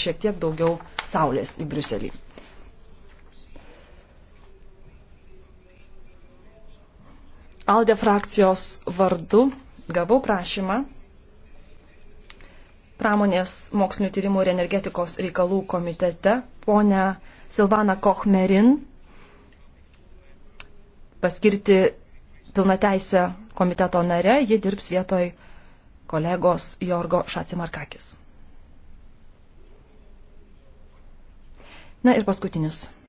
šiek tiek daugiau saulės į Briuselį. Alde frakcijos vardu gavau prašymą pramonės mokslinių tyrimų ir energetikos reikalų komitete ponę Silvaną Kochmerin paskirti pilnateisę komiteto nare, ji dirbs vietoj kolegos Jorgo Šacimarkakis. Na ir paskutinis